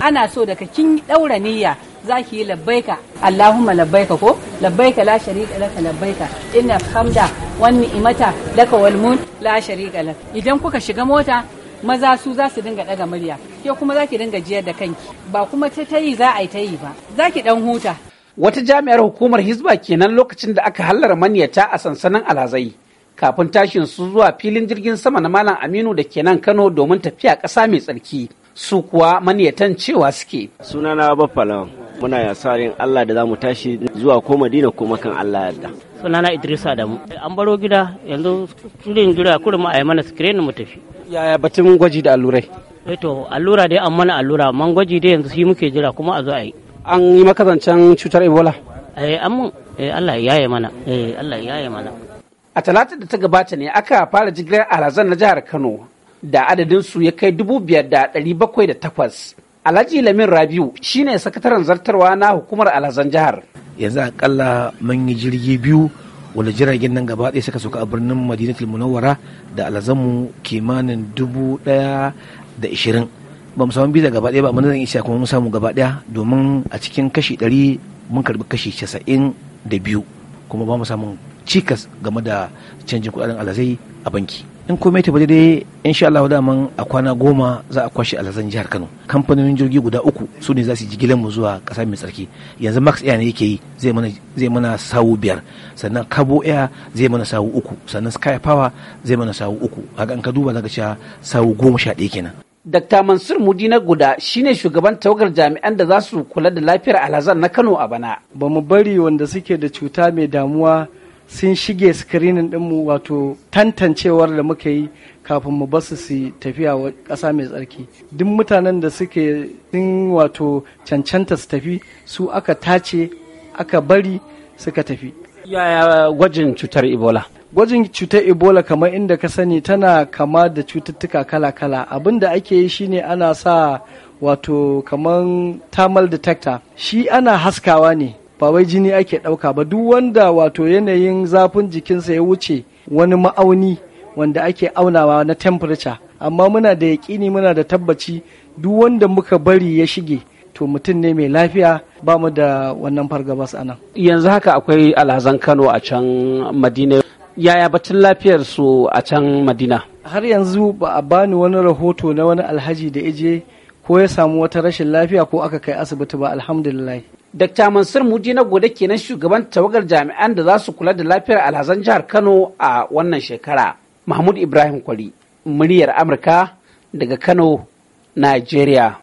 ana so daga kin ɗaura niyya za ki yi labbaika Allahumma labbaika ko labbaika la sharika laka labbaika inna hamda wan ni'mata laka wal la sharika lak idan kuka shiga mota maza su za su dinga daga murya ke kuma za ki dinga jiyar da kanki ba kuma ta tayi za a yi tayi ba za ki dan huta wata jami'ar hukumar Hisba kenan lokacin da aka hallara maniyata a sansanin alhazai kafin tashin su zuwa filin jirgin sama na malam aminu da kenan kano domin tafiya ƙasa mai tsarki su kuwa maniyatan cewa suke. Sunana Baffala, muna yasarin Allah da za mu tashi zuwa ko Madina ko makan Allah yadda. Sunana Idris Adamu an baro gida yanzu tudin jira kurum a yi mana sikirin mu tafi. Yaya batun gwaji da allurai? Eh to allura dai an mana allura man gwaji dai yanzu shi muke jira kuma a zo a yi. An yi makazancen cutar Ebola? Eh an mun eh Allah ya yaye mana eh Allah ya yaye mana. A talatin da ta gabata ne aka fara jigilar alazan na jihar Kano da adadinsu ya kai dubu biyar da ɗari bakwai da takwas. Alhaji Lamin Rabiu shi ne sakataren zartarwa na hukumar alhazan jihar. Yanzu akalla mun yi jirgi biyu wanda jiragen nan gaba ɗaya suka sauka a birnin Madinatul Munawwara da alhazanmu kimanin dubu ɗaya da ishirin. Ba mu samu biza gaba ɗaya ba mun zan isa kuma mun samu gaba ɗaya domin a cikin kashi ɗari mun karbi kashi casa'in da biyu kuma ba mu samun cikas game da canjin kudaden alhazai a banki in komai ta dai insha Allah daman a kwana goma za a kwashe alhazan jihar Kano kamfanonin jirgi guda uku su ne za su jigilan mu zuwa kasa mai tsarki yanzu Max Air ne yake yi zai mana zai mana sawu biyar sannan kabo Air zai mana sawu uku sannan Sky Power zai mana sawu uku kaga in ka duba zaka cewa sawu goma sha ɗaya kenan Dr. Mansur Mudina Guda shine shugaban tawagar jami'an da za su kula da lafiyar alhazan na Kano a bana. Ba mu bari wanda suke da cuta mai damuwa sun shige screening ɗinmu wato tantancewar da muka yi kafin mu basu su tafiya kasa mai tsarki duk mutanen da suke sun wato cancanta su tafi su aka tace aka bari suka tafi yaya gwajin cutar ebola gwajin cutar ebola kamar inda ka sani tana kama da cututtuka kala-kala abin da ake yi shine ana sa wato kamar thermal detector shi ana haskawa ne ba wai jini ake ɗauka ba duk wanda wato yanayin zafin jikinsa ya wuce wani ma'auni wanda ake aunawa na temperature amma muna da yaƙini muna da tabbaci duk wanda muka bari ya shige to mutum ne mai lafiya ba mu da wannan fargabas anan yanzu haka akwai alhazan kano a can madina yaya batun lafiyar su a can madina har yanzu ba a bani wani rahoto na wani alhaji da ije ko ya samu wata rashin lafiya ko aka kai asibiti ba alhamdulillah Dr. Mansur Mudi na gode kenan shugaban tawagar jami'an da za su kula da lafiyar alhazan jihar Kano a wannan shekara. Mahmud Ibrahim Kwari, muryar Amurka daga Kano, Nigeria.